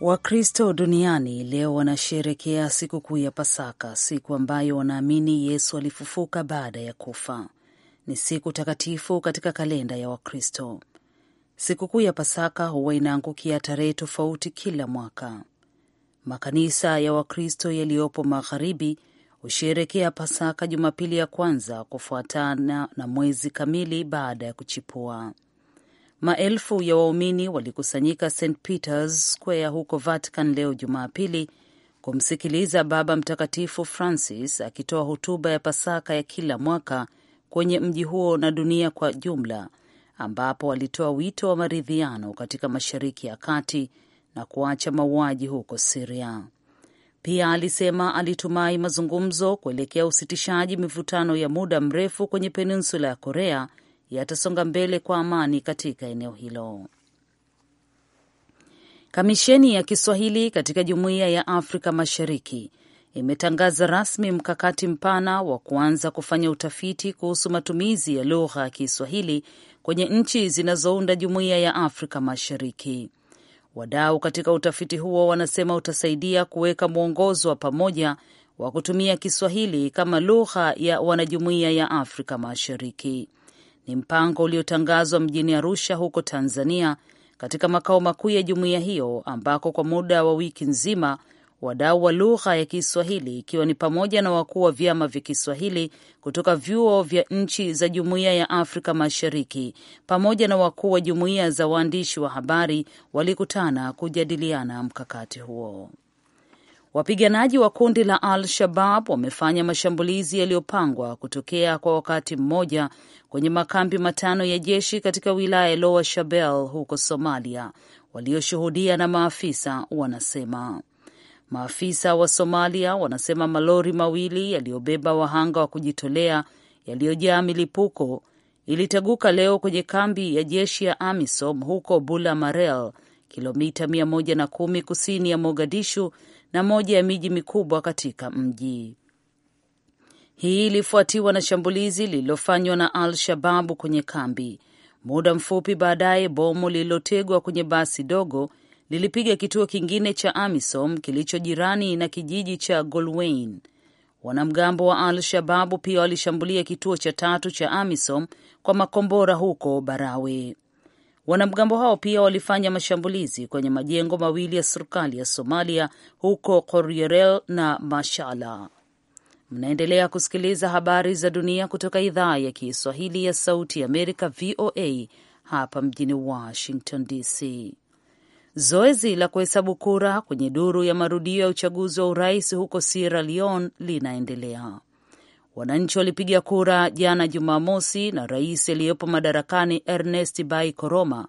Wakristo duniani leo wanasherekea sikukuu ya Pasaka, siku ambayo wanaamini Yesu alifufuka baada ya kufa. Ni siku takatifu katika kalenda ya Wakristo. Sikukuu ya Pasaka huwa inaangukia tarehe tofauti kila mwaka. Makanisa ya Wakristo yaliyopo magharibi husherekea Pasaka Jumapili ya kwanza kufuatana na mwezi kamili baada ya kuchipua. Maelfu ya waumini walikusanyika St Peters Square huko Vatican leo Jumapili kumsikiliza Baba Mtakatifu Francis akitoa hotuba ya Pasaka ya kila mwaka kwenye mji huo na dunia kwa jumla, ambapo alitoa wito wa maridhiano katika Mashariki ya Kati na kuacha mauaji huko Siria. Pia alisema alitumai mazungumzo kuelekea usitishaji mivutano ya muda mrefu kwenye peninsula ya Korea yatasonga mbele kwa amani katika eneo hilo. Kamisheni ya Kiswahili katika Jumuiya ya Afrika Mashariki imetangaza rasmi mkakati mpana wa kuanza kufanya utafiti kuhusu matumizi ya lugha ya Kiswahili kwenye nchi zinazounda Jumuiya ya Afrika Mashariki. Wadau katika utafiti huo wanasema utasaidia kuweka mwongozo wa pamoja wa kutumia Kiswahili kama lugha ya wanajumuiya ya Afrika Mashariki ni mpango uliotangazwa mjini Arusha huko Tanzania, katika makao makuu ya jumuiya hiyo, ambako kwa muda wa wiki nzima wadau wa lugha ya Kiswahili ikiwa ni pamoja na wakuu wa vyama vya Kiswahili kutoka vyuo vya nchi za jumuiya ya Afrika Mashariki pamoja na wakuu wa jumuiya za waandishi wa habari walikutana kujadiliana mkakati huo. Wapiganaji wa kundi la Al-Shabab wamefanya mashambulizi yaliyopangwa kutokea kwa wakati mmoja kwenye makambi matano ya jeshi katika wilaya ya Lower Shabelle huko Somalia, walioshuhudia na maafisa wanasema. Maafisa wa Somalia wanasema malori mawili yaliyobeba wahanga wa kujitolea yaliyojaa milipuko iliteguka leo kwenye kambi ya jeshi ya AMISOM huko Bulamarel, kilomita 110 kusini ya Mogadishu, na moja ya miji mikubwa katika mji. Hii ilifuatiwa na shambulizi lililofanywa na Al Shababu kwenye kambi. Muda mfupi baadaye, bomu lililotegwa kwenye basi dogo lilipiga kituo kingine cha AMISOM kilicho jirani na kijiji cha Golwayn. Wanamgambo wa Al Shababu pia walishambulia kituo cha tatu cha AMISOM kwa makombora huko Barawe. Wanamgambo hao pia walifanya mashambulizi kwenye majengo mawili ya serikali ya Somalia huko korierel na Mashala. Mnaendelea kusikiliza habari za dunia kutoka idhaa ya Kiswahili ya Sauti ya Amerika, VOA, hapa mjini Washington DC. Zoezi la kuhesabu kura kwenye duru ya marudio ya uchaguzi wa urais huko Sierra Leone linaendelea. Wananchi walipiga kura jana Jumamosi, na rais aliyepo madarakani Ernest Bai Koroma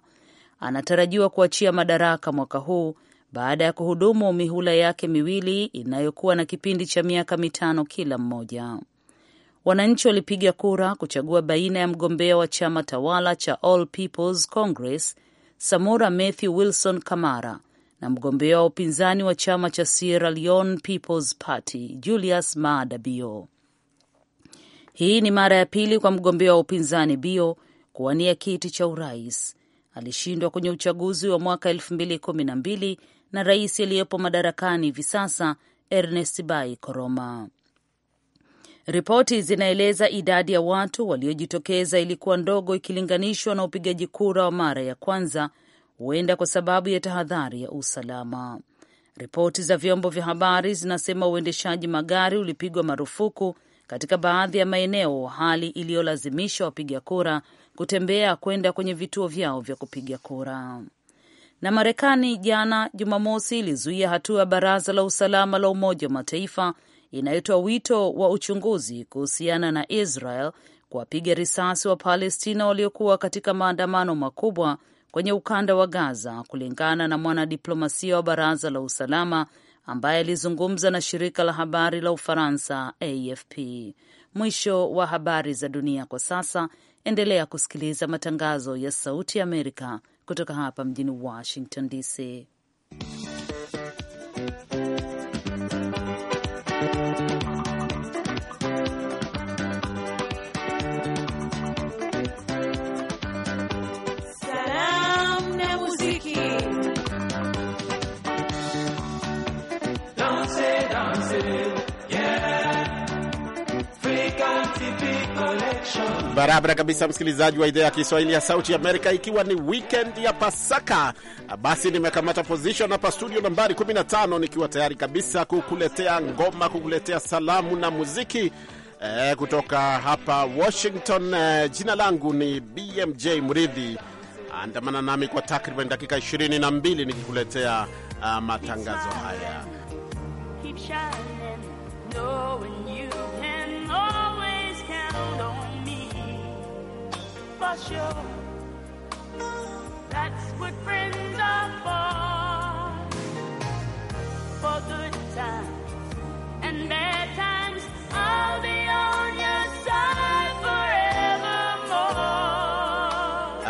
anatarajiwa kuachia madaraka mwaka huu baada ya kuhudumu mihula yake miwili inayokuwa na kipindi cha miaka mitano kila mmoja. Wananchi walipiga kura kuchagua baina ya mgombea wa chama tawala cha All People's Congress Samora Matthew Wilson Kamara na mgombea wa upinzani wa chama cha Sierra Leone People's Party Julius Maada Bio. Hii ni mara ya pili kwa mgombea wa upinzani Bio kuwania kiti cha urais. Alishindwa kwenye uchaguzi wa mwaka elfu mbili kumi na mbili na rais aliyepo madarakani hivi sasa Ernest Bai Koroma. Ripoti zinaeleza idadi ya watu waliojitokeza ilikuwa ndogo ikilinganishwa na upigaji kura wa mara ya kwanza, huenda kwa sababu ya tahadhari ya usalama. Ripoti za vyombo vya habari zinasema uendeshaji magari ulipigwa marufuku katika baadhi ya maeneo, hali iliyolazimisha wapiga kura kutembea kwenda kwenye vituo vyao vya kupiga kura. Na Marekani jana Jumamosi ilizuia hatua ya Baraza la Usalama la Umoja wa Mataifa inayotoa wito wa uchunguzi kuhusiana na Israel kuwapiga risasi wa Palestina waliokuwa katika maandamano makubwa kwenye ukanda wa Gaza, kulingana na mwanadiplomasia wa Baraza la Usalama ambaye alizungumza na shirika la habari la Ufaransa AFP. Mwisho wa habari za dunia kwa sasa. Endelea kusikiliza matangazo ya Sauti ya Amerika kutoka hapa mjini Washington DC. Barabara kabisa, msikilizaji wa idhaa ya Kiswahili ya Sauti Amerika, ikiwa ni wikend ya Pasaka, basi nimekamata position hapa studio nambari 15 nikiwa tayari kabisa kukuletea ngoma, kukuletea salamu na muziki eh, kutoka hapa Washington. Eh, jina langu ni BMJ Mridhi. Andamana nami kwa takriban dakika 22 nikikuletea uh, matangazo haya. Keep shining, for sure. That's what friends are for. For good times and bad times, I'll be on your side forevermore.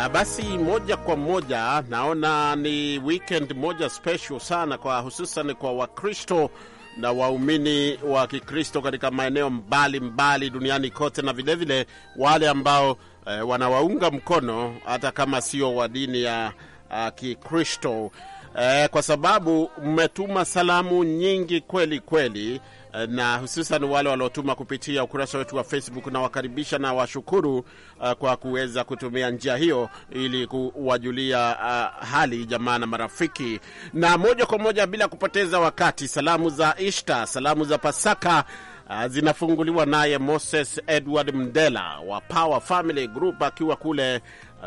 Ah, basi moja kwa moja naona ni weekend moja special sana kwa hususan kwa Wakristo na waumini wa Kikristo katika maeneo mbalimbali mbali duniani kote na vilevile vile wale ambao eh, wanawaunga mkono hata kama sio wa dini ya uh, Kikristo eh, kwa sababu mmetuma salamu nyingi kweli kweli eh, na hususan wale waliotuma kupitia ukurasa wetu wa Facebook na wakaribisha na washukuru uh, kwa kuweza kutumia njia hiyo ili kuwajulia uh, hali jamaa na marafiki. Na moja kwa moja bila kupoteza wakati, salamu za Ishta, salamu za Pasaka Ah, zinafunguliwa naye Moses Edward Mdela wa Power Family Group akiwa kule eh,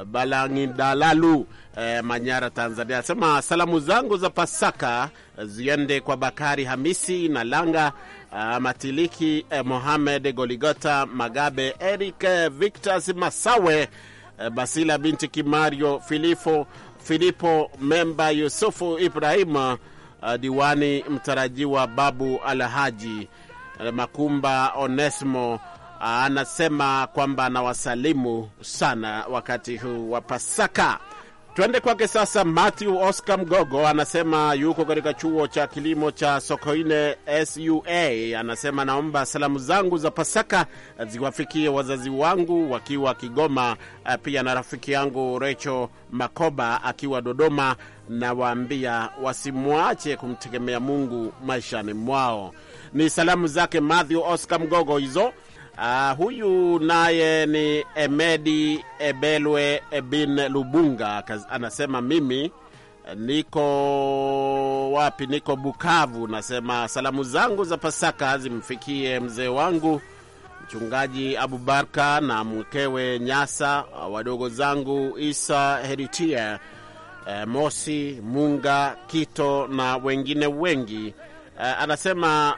Balangidalalu, eh, Manyara, Tanzania. Anasema salamu zangu za Pasaka eh, ziende kwa Bakari Hamisi na Langa ah, Matiliki, eh, Mohamed Goligota Magabe, Eric eh, Victor Masawe, eh, Basila binti Kimario, Filipo Filipo Memba, Yusufu Ibrahim ah, diwani mtarajiwa Babu Alhaji Eh, Makumba Onesmo eh, anasema kwamba anawasalimu sana wakati huu wa Pasaka. Tuende kwake sasa. Matthew Oscar Mgogo anasema yuko katika chuo cha kilimo cha Sokoine SUA. Anasema naomba salamu zangu za Pasaka ziwafikie wazazi wangu wakiwa Kigoma, eh, pia na rafiki yangu Recho Makoba akiwa Dodoma, nawaambia wasimwache kumtegemea Mungu maishani mwao. Ni salamu zake Matthew Oscar Mgogo hizo. Uh, huyu naye ni Emedi Ebelwe bin Lubunga anasema mimi eh, niko wapi? Niko Bukavu. Nasema salamu zangu za Pasaka zimfikie mzee wangu mchungaji Abubarka na mkewe Nyasa, wadogo zangu Isa Heritia, eh, Mosi Munga Kito na wengine wengi. Eh, anasema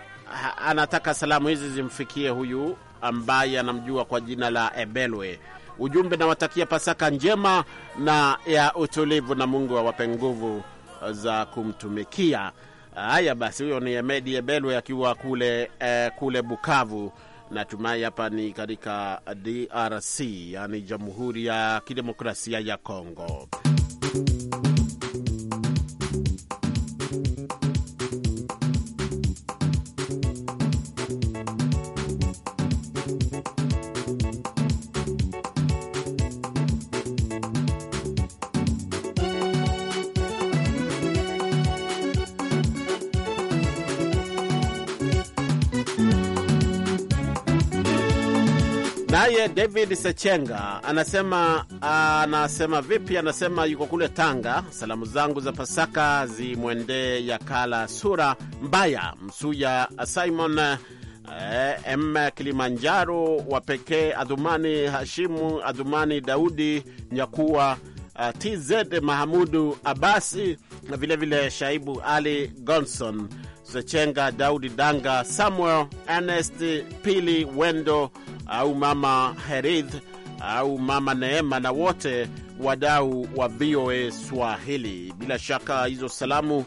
anataka salamu hizi zimfikie huyu ambaye anamjua kwa jina la Ebelwe. Ujumbe nawatakia Pasaka njema na ya utulivu, na Mungu awape nguvu za kumtumikia. Haya basi, huyo ni Emedi Ebelwe akiwa kule, eh, kule Bukavu. Natumai hapa ni katika DRC, yani Jamhuri ya Kidemokrasia ya Kongo. David Sechenga anasema anasema vipi? Anasema yuko kule Tanga. Salamu zangu za Pasaka zimwendee Yakala Sura Mbaya Msuya Simon eh, M Kilimanjaro wa pekee Adhumani Hashimu Adhumani Daudi Nyakuwa eh, TZ Mahamudu Abasi na vilevile Shaibu Ali Gonson Sechenga Daudi Danga Samuel Ernest Pili Wendo au mama Herith au mama Neema na wote wadau wa VOA Swahili. Bila shaka hizo salamu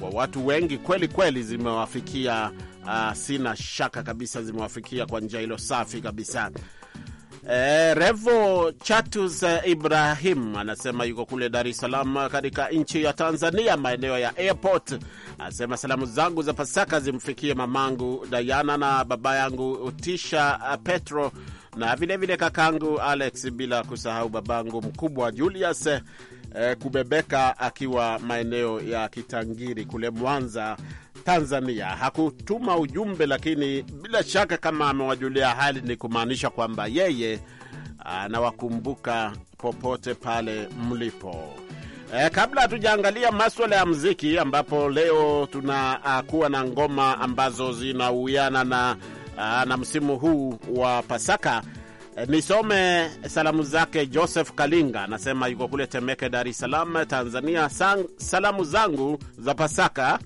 kwa watu wengi kweli kweli zimewafikia. Uh, sina shaka kabisa zimewafikia kwa njia hilo safi kabisa. Eh, Revo Chatus eh, Ibrahim anasema yuko kule Dar es Salaam eh, katika nchi ya Tanzania, maeneo ya airport. Anasema salamu zangu za Pasaka zimfikie mamangu Dayana na baba yangu Utisha eh, Petro na vilevile kakangu Alex, bila kusahau babangu mkubwa Julius eh, Kubebeka akiwa maeneo ya Kitangiri kule Mwanza Tanzania hakutuma ujumbe, lakini bila shaka kama amewajulia hali ni kumaanisha kwamba yeye anawakumbuka popote pale mlipo. E, kabla hatujaangalia maswala ya mziki ambapo leo tunakuwa na ngoma ambazo zinauiana na, ah, na msimu huu wa Pasaka e, nisome salamu zake Joseph Kalinga, anasema yuko kule Temeke, Dar es Salaam, Tanzania. Sang, salamu zangu za Pasaka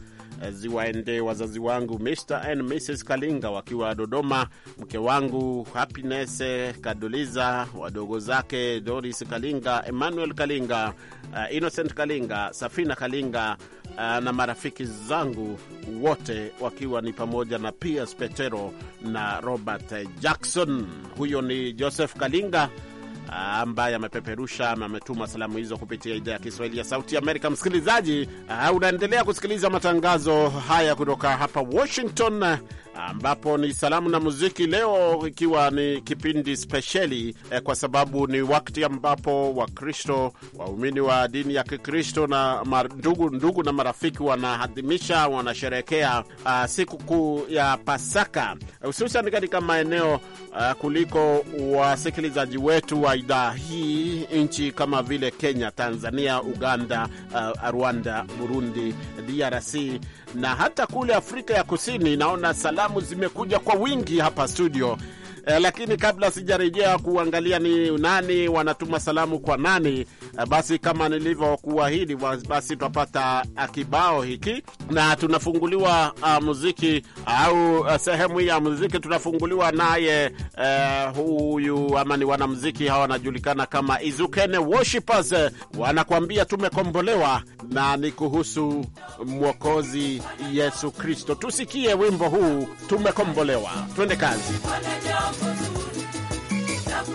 ziwaendee wazazi wangu Mr and Mrs Kalinga wakiwa Dodoma, mke wangu Happiness Kaduliza, wadogo zake Doris Kalinga, Emmanuel Kalinga, uh, Innocent Kalinga, Safina Kalinga uh, na marafiki zangu wote wakiwa ni pamoja na Piers Petero na Robert Jackson. Huyo ni Joseph Kalinga ambaye amepeperusha ama ametuma salamu hizo kupitia idhaa ya Kiswahili ya Sauti Amerika. Msikilizaji, uh, unaendelea kusikiliza matangazo haya kutoka hapa Washington ambapo ni salamu na muziki leo, ikiwa ni kipindi spesheli eh, kwa sababu ni wakati ambapo Wakristo waumini wa dini ya Kikristo na ndugu ndugu na marafiki wanaadhimisha wanasherekea uh, ah, sikukuu ya Pasaka hususan katika maeneo uh, kuliko wasikilizaji wetu wa idhaa hii nchi kama vile Kenya, Tanzania, Uganda, uh, Rwanda, Burundi, DRC na hata kule Afrika ya Kusini. Naona salamu zimekuja kwa wingi hapa studio eh, lakini kabla sijarejea kuangalia ni nani wanatuma salamu kwa nani, eh, basi kama nilivyokuahidi, basi tutapata eh, kibao hiki na tunafunguliwa uh, muziki au uh, sehemu hii ya muziki tunafunguliwa naye eh, huyu ama ni wanamuziki hawa wanajulikana kama Izukene Worshipers, wanakuambia tumekombolewa na ni kuhusu Mwokozi Yesu Kristo. Tusikie wimbo huu tumekombolewa, twende kazi.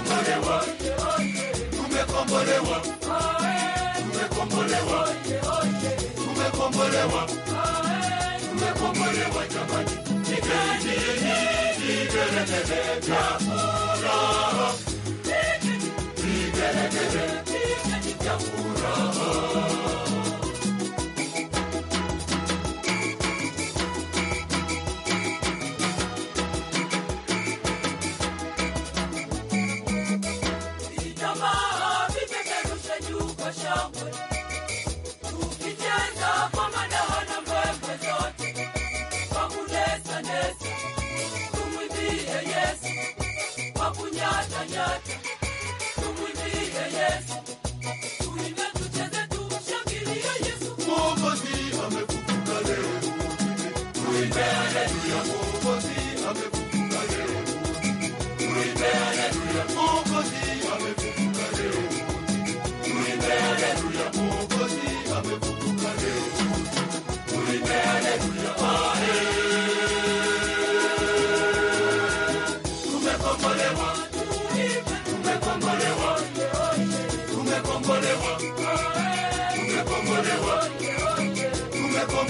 tumekombolewa, tumekombolewa, tumekombolewa, tumekombolewa, tumekombolewa jamani, nipeni nini, nipelekele vya furaha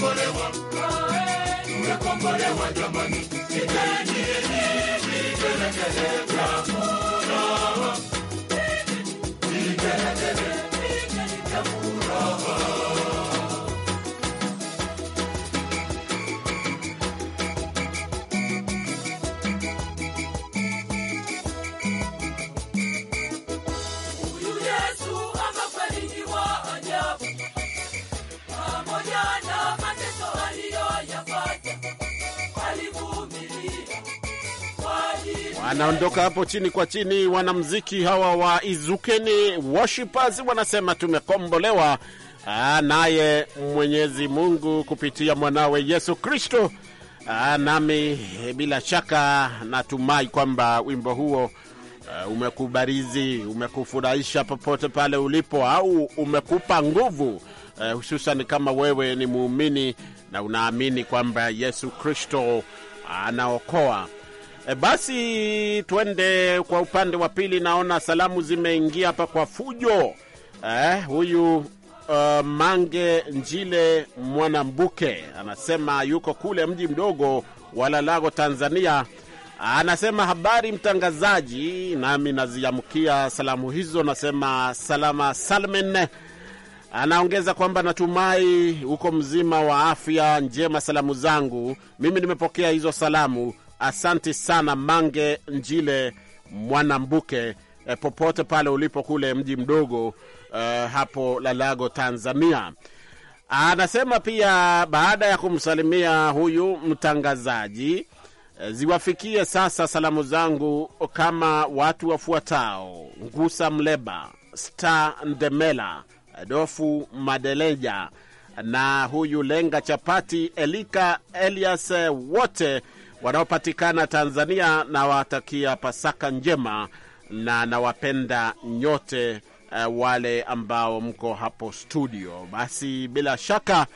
tumekombolewa, tumekombolewa jamani, ieni, ieni, ieni, Anaondoka hapo chini kwa chini. Wanamziki hawa wa Izukeni Worshipers wanasema tumekombolewa naye Mwenyezi Mungu kupitia mwanawe Yesu Kristo. Nami e, bila shaka natumai kwamba wimbo huo e, umekubarizi, umekufurahisha popote pale ulipo, au umekupa nguvu, e, hususan kama wewe ni muumini na unaamini kwamba Yesu Kristo anaokoa. E, basi twende kwa upande wa pili. Naona salamu zimeingia hapa kwa fujo. Eh, huyu uh, Mange Njile Mwanambuke anasema yuko kule mji mdogo wa Lalago, Tanzania. Anasema habari mtangazaji, nami naziamkia salamu hizo. Nasema salama salmen. Anaongeza kwamba natumai uko mzima wa afya njema. Salamu zangu mimi nimepokea hizo salamu Asante sana Mange Njile Mwanambuke, eh, popote pale ulipo kule mji mdogo eh, hapo Lalago, Tanzania. Anasema pia baada ya kumsalimia huyu mtangazaji eh, ziwafikie sasa salamu zangu kama watu wafuatao: Ngusa Mleba, Star Ndemela, Dofu Madeleja na huyu Lenga Chapati, Elika Elias, eh, wote wanaopatikana Tanzania, nawatakia Pasaka njema na nawapenda nyote uh, wale ambao mko hapo studio. Basi bila shaka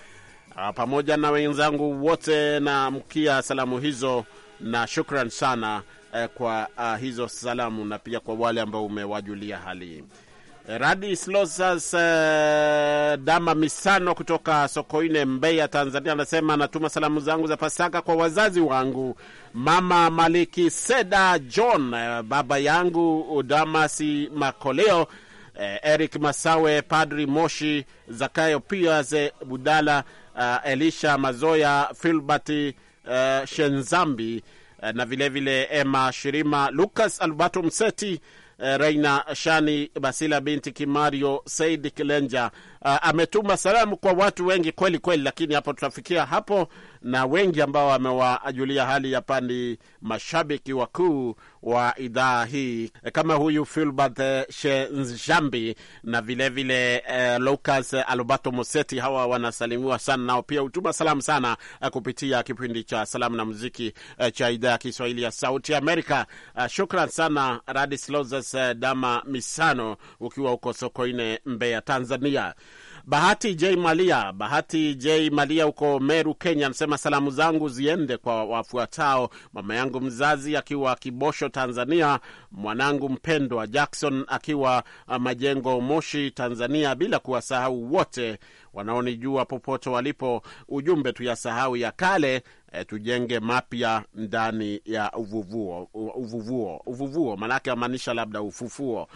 uh, pamoja na wenzangu wote namkia salamu hizo na shukran sana uh, kwa uh, hizo salamu na pia kwa wale ambao umewajulia hali. Radislosas uh, Dama Misano kutoka Sokoine, Mbeya, Tanzania, anasema anatuma salamu zangu za Pasaka kwa wazazi wangu, mama Maliki Seda John, eh, baba yangu Udamasi Makoleo, eh, Eric Masawe, Padri Moshi, Zakayo Pias Budala, uh, Elisha Mazoya, Filbert uh, Shenzambi, uh, na vilevile vile Emma Shirima, Lucas Albato Mseti Eh, Reina Shani Basila binti Kimario Said Kilenja eh, ametuma salamu kwa watu wengi kweli kweli, lakini hapo tutafikia hapo na wengi ambao wamewajulia hali ya pandi mashabiki wakuu wa idhaa hii eh, kama huyu Filbert eh, Shenzambi na vilevile vile, eh, Lucas Alberto Moseti. Hawa wanasalimiwa sana, nao pia hutuma salamu sana eh, kupitia kipindi cha salamu na muziki eh, cha idhaa ya Kiswahili ya Sauti Amerika. Eh, shukran sana Loses eh, Dama Misano, ukiwa huko Sokoine, Mbeya, Tanzania. Bahati J Malia, Bahati J Malia huko Meru, Kenya, anasema salamu zangu ziende kwa wafuatao: mama yangu mzazi akiwa Kibosho, Tanzania, mwanangu mpendwa Jackson akiwa uh, Majengo, Moshi, Tanzania, bila kuwasahau wote wanaonijua popote walipo. Ujumbe tuyasahau ya kale E, tujenge mapya ndani ya uvuvuo uvuvuo uvuvuo, maanake amaanisha labda ufufuo.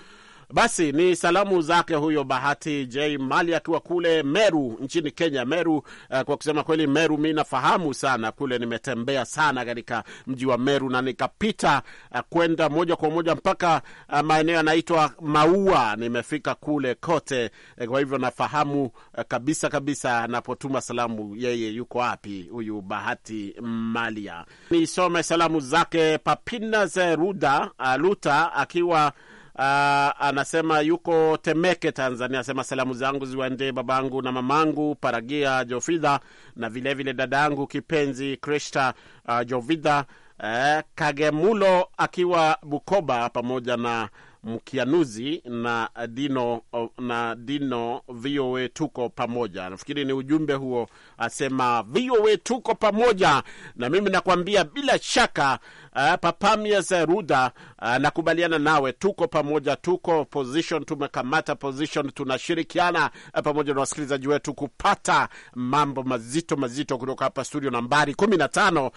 Basi ni salamu zake huyo Bahati J Mali akiwa kule Meru nchini Kenya. Meru uh, kwa kusema kweli, Meru mi nafahamu sana kule, nimetembea sana katika mji wa Meru na nikapita uh, kwenda moja kwa moja mpaka uh, maeneo yanaitwa Maua. Nimefika kule kote uh, kwa hivyo nafahamu uh, kabisa kabisa anapotuma salamu yeye yuko wapi huyu Bahati Malia. Nisome salamu zake Papinas Ruda uh, Luta akiwa uh, Uh, anasema yuko Temeke, Tanzania. asema salamu zangu ziwaendee babangu na mamangu Paragia Jovida na vilevile dadangu kipenzi Krista uh, ah, Jovida uh, eh, Kagemulo akiwa Bukoba, pamoja na mkianuzi na Dino na Dino. VOA tuko pamoja. Nafikiri ni ujumbe huo, asema VOA tuko pamoja, na mimi nakwambia bila shaka Eh, Papamias Ruda, eh, nakubaliana nawe, tuko pamoja, tuko position, tumekamata position, tunashirikiana eh, pamoja na wasikilizaji wetu kupata mambo mazito mazito kutoka hapa studio nambari 15,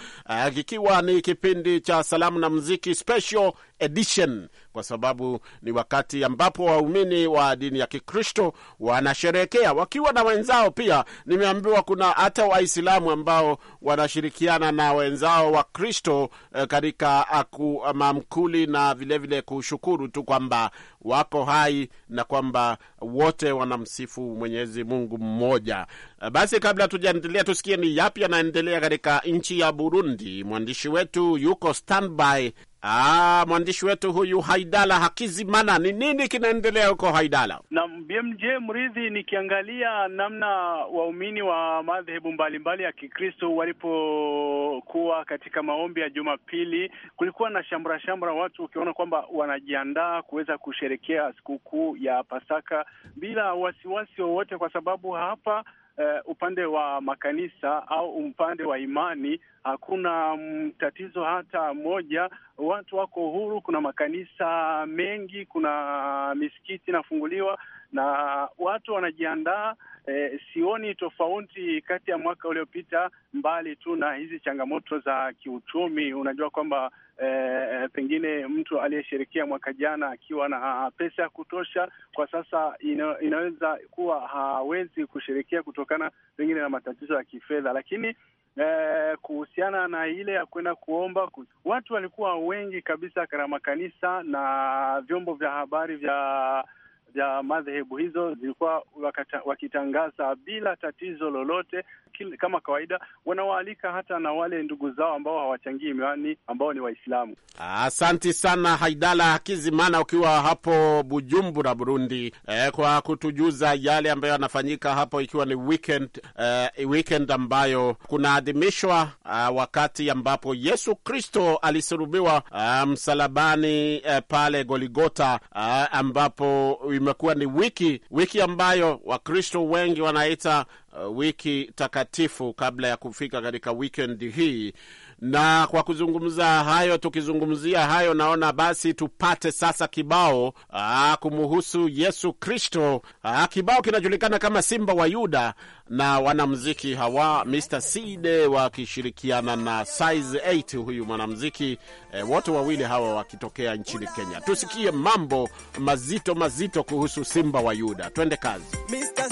kikiwa ni kipindi cha salamu na muziki special edition, kwa sababu ni wakati ambapo waumini wa dini ya Kikristo wanasherehekea wakiwa na wenzao. Pia nimeambiwa kuna hata Waislamu ambao wanashirikiana na wenzao wa Kristo aku mamkuli na vilevile vile kushukuru tu kwamba wako hai na kwamba wote wanamsifu Mwenyezi Mungu mmoja. Basi kabla tujaendelea, tusikie ni yapi yanaendelea katika nchi ya Burundi. Mwandishi wetu yuko standby Ah, mwandishi wetu huyu Haidala Hakizimana, ni nini kinaendelea huko Haidala? Na BMJ Mridhi, nikiangalia namna waumini wa madhehebu mbalimbali ya Kikristo walipokuwa katika maombi ya Jumapili, kulikuwa na shamra shamra, watu ukiona kwamba wanajiandaa kuweza kusherekea sikukuu ya Pasaka bila wasiwasi wowote, kwa sababu hapa uh, upande wa makanisa au upande wa imani hakuna tatizo hata moja. Watu wako huru, kuna makanisa mengi, kuna misikiti inafunguliwa na watu wanajiandaa. E, sioni tofauti kati ya mwaka uliopita, mbali tu na hizi changamoto za kiuchumi. Unajua kwamba e, pengine mtu aliyeshirikia mwaka jana akiwa na ah, ah, pesa ya kutosha, kwa sasa ina, inaweza kuwa hawezi kushirikia kutokana pengine na matatizo ya kifedha, lakini Eh, kuhusiana na ile ya kwenda kuomba, watu walikuwa wengi kabisa katika makanisa na vyombo vya habari vya vya madhehebu hizo zilikuwa wakata, wakitangaza bila tatizo lolote kama kawaida wanawaalika hata na wale ndugu zao ambao hawachangii miwani ambao ni Waislamu. Asanti sana Haidala Hakizimana ukiwa hapo Bujumbura, Burundi, eh, kwa kutujuza yale ambayo yanafanyika hapo, ikiwa ni weekend, eh, weekend ambayo kunaadhimishwa eh, ah, wakati ambapo Yesu Kristo alisulubiwa eh, msalabani eh, pale Goligota eh, ambapo imekuwa ni wiki wiki ambayo Wakristo wengi wanaita uh, wiki takatifu kabla ya kufika katika wikendi hii. Na kwa kuzungumza hayo, tukizungumzia hayo, naona basi tupate sasa kibao uh, kumuhusu Yesu Kristo. Uh, kibao kinajulikana kama Simba wa Yuda na wanamziki hawa Mr Cide wakishirikiana na Size 8 huyu mwanamziki e, eh, wote wawili hawa wakitokea nchini Kenya. Tusikie mambo mazito mazito kuhusu Simba wa Yuda, twende kazi Mr.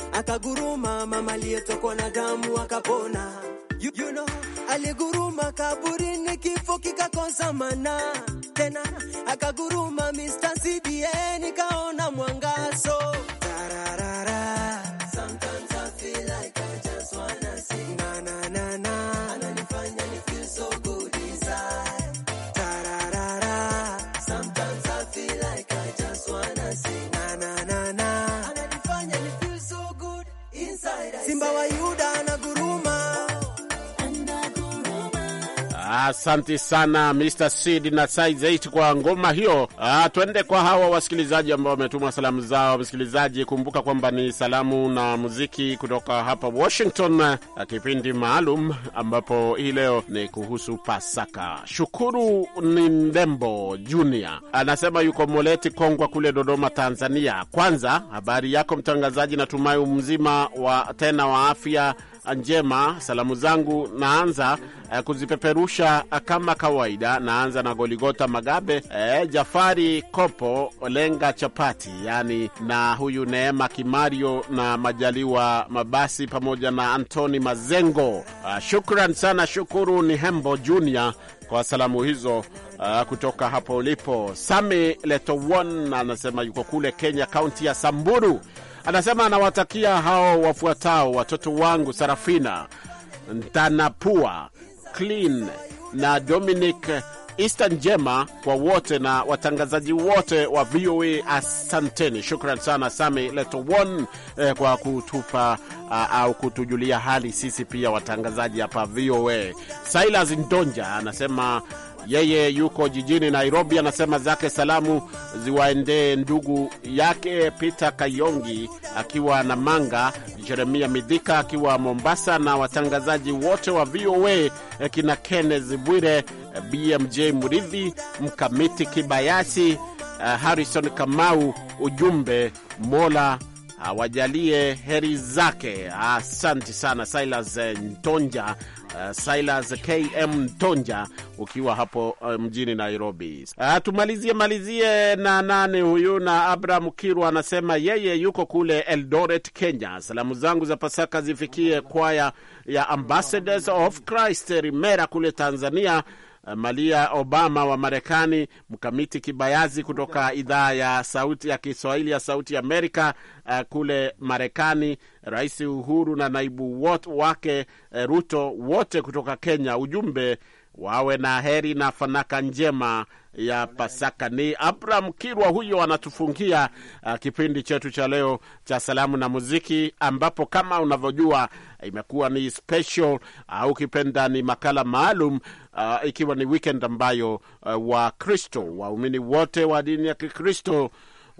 akaguruma, mama aliyetokwa na damu akapona. You, you know, aliguruma kaburini, kifo kikakosa mana tena, akaguruma Mr. CBN, kaona mwangazo Asante sana Mr Sid na Saizeit kwa ngoma hiyo. Ah, twende kwa hawa wasikilizaji ambao wametuma salamu zao. Msikilizaji, kumbuka kwamba ni salamu na muziki kutoka hapa Washington, ah, kipindi maalum ambapo hii leo ni kuhusu Pasaka. Shukuru ni Ndembo Junior anasema yuko Moleti Kongwa kule Dodoma, Tanzania. Kwanza habari yako mtangazaji, natumai umzima wa tena wa afya njema. Salamu zangu naanza eh, kuzipeperusha kama kawaida. Naanza na Goligota Magabe, eh, Jafari Kopo, lenga Chapati, yani na huyu Neema Kimario na Majaliwa Mabasi pamoja na Antoni Mazengo. Ah, shukran sana, shukuru ni Hembo Junior kwa salamu hizo. Uh, kutoka hapo ulipo Sami Letowon anasema yuko kule Kenya, kaunti ya Samburu. Anasema anawatakia hao wafuatao watoto wangu Sarafina Ntanapua, Clean na Dominic Ista njema kwa wote na watangazaji wote wa VOA. Asanteni, shukran sana Sami One eh, kwa kutupa uh, au kutujulia hali sisi pia watangazaji hapa VOA. Silas Ndonja anasema yeye yuko jijini Nairobi, anasema zake salamu ziwaendee ndugu yake Peter Kayongi akiwa na Manga, Jeremia Midhika akiwa Mombasa, na watangazaji wote wa VOA eh, kina Kenneth Bwire, eh, BMJ Muridhi, Mkamiti Kibayasi, eh, Harrison Kamau. Ujumbe, Mola awajalie heri zake. Asante sana Silas Ntonja Eh, Silas KM Tonja ukiwa hapo eh, mjini Nairobi. Uh, tumalizie malizie na nane huyu na Abraham Kirwa anasema yeye yuko kule Eldoret, Kenya. Salamu zangu za Pasaka zifikie kwaya ya Ambassadors of Christ Rimera kule Tanzania Malia Obama wa Marekani, Mkamiti kibayazi kutoka idhaa ya sauti ya Kiswahili ya Sauti Amerika uh, kule Marekani, Rais Uhuru na naibu wot wake uh, Ruto, wote kutoka Kenya. Ujumbe wawe na heri na fanaka njema ya Pasaka. Ni Abraham Kirwa huyo anatufungia uh, kipindi chetu cha leo cha salamu na muziki, ambapo kama unavyojua imekuwa ni special uh, au uh, ukipenda ni makala maalum uh, ikiwa ni weekend ambayo uh, Wakristo waumini wote wa dini ya Kikristo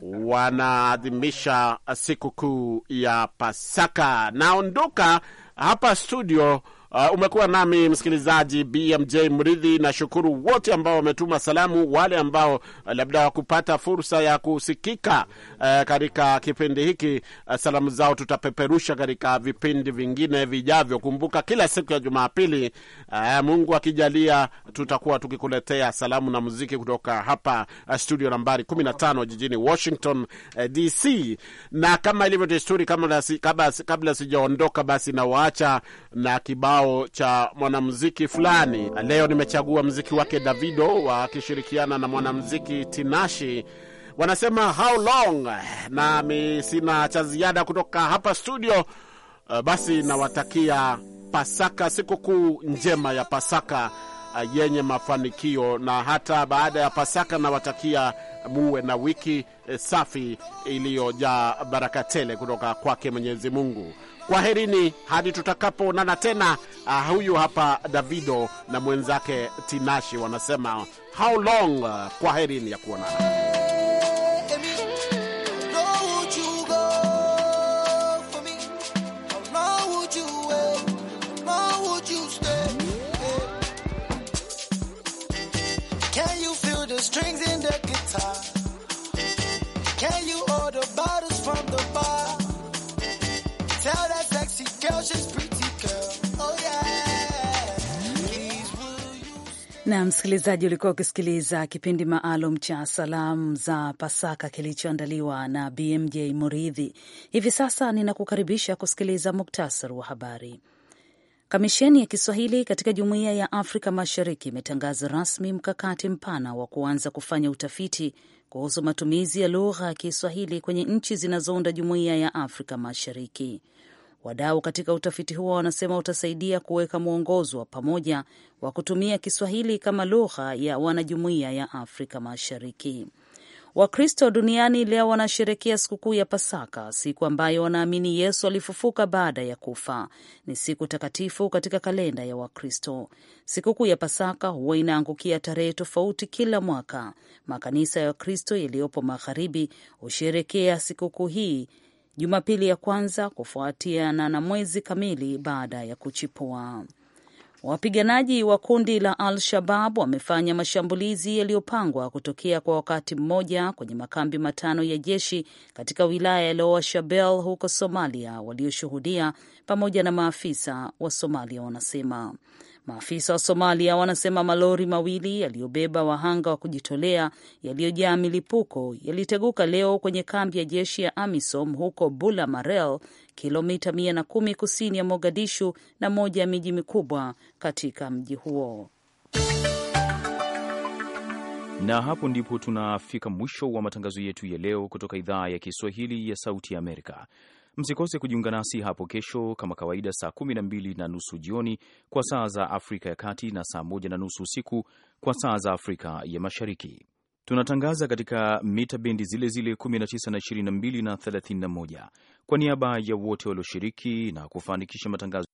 wanaadhimisha sikukuu ya Pasaka. Naondoka hapa studio Uh, umekuwa nami msikilizaji BMJ Mridhi, na shukuru wote ambao wametuma salamu, wale ambao uh, labda wakupata fursa ya kusikika uh, katika kipindi hiki uh, salamu zao tutapeperusha katika vipindi vingine vijavyo. Kumbuka kila siku ya Jumapili uh, Mungu akijalia, tutakuwa tukikuletea salamu na muziki kutoka hapa uh, studio nambari 15 jijini Washington uh, DC, na kama ilivyo desturi, kabla sijaondoka, basi nawaacha na kibao kibao cha mwanamuziki fulani. Leo nimechagua mziki wake Davido wakishirikiana na mwanamuziki Tinashi, wanasema how long. Nami sina cha ziada kutoka hapa studio. Uh, basi nawatakia Pasaka, sikukuu njema ya Pasaka uh, yenye mafanikio, na hata baada ya Pasaka nawatakia muwe na wiki eh, safi iliyojaa baraka tele kutoka kwake Mwenyezi Mungu. Kwaherini hadi tutakapoonana tena. Uh, huyu hapa Davido na mwenzake tinashi wanasema how long. Uh, kwaherini ya kuonana. strings in the guitar Oh, na msikilizaji, ulikuwa ukisikiliza kipindi maalum cha salamu za Pasaka kilichoandaliwa na BMJ Muridhi. Hivi sasa ninakukaribisha kusikiliza muktasari wa habari. Kamisheni ya Kiswahili katika Jumuiya ya Afrika Mashariki imetangaza rasmi mkakati mpana wa kuanza kufanya utafiti kuhusu matumizi ya lugha ya Kiswahili kwenye nchi zinazounda Jumuiya ya Afrika Mashariki. Wadau katika utafiti huo wanasema utasaidia kuweka mwongozo wa pamoja wa kutumia Kiswahili kama lugha ya wanajumuiya ya Afrika Mashariki. Wakristo duniani leo wanasherekea sikukuu ya Pasaka, siku ambayo wanaamini Yesu alifufuka baada ya kufa. Ni siku takatifu katika kalenda ya Wakristo. Sikukuu ya Pasaka huwa inaangukia tarehe tofauti kila mwaka. Makanisa ya Wakristo yaliyopo magharibi husherekea sikukuu hii Jumapili ya kwanza kufuatiana na mwezi kamili baada ya kuchipua. Wapiganaji wa kundi la Al-Shabab wamefanya mashambulizi yaliyopangwa kutokea kwa wakati mmoja kwenye makambi matano ya jeshi katika wilaya ya Lower Shabelle huko Somalia, walioshuhudia pamoja na maafisa wa Somalia wanasema. Maafisa wa Somalia wanasema malori mawili yaliyobeba wahanga wa kujitolea yaliyojaa milipuko yaliteguka leo kwenye kambi ya jeshi ya AMISOM huko Bula Marel, kilomita 110 kusini ya Mogadishu na moja ya miji mikubwa katika mji huo. Na hapo ndipo tunafika mwisho wa matangazo yetu ya leo kutoka idhaa ya Kiswahili ya Sauti ya Amerika. Msikose kujiunga nasi hapo kesho kama kawaida, saa kumi na mbili na nusu jioni kwa saa za Afrika ya Kati na saa moja na nusu usiku kwa saa za Afrika ya Mashariki. Tunatangaza katika mita bendi zile zile 19, 22 na 31. Kwa niaba ya wote walioshiriki na kufanikisha matangazo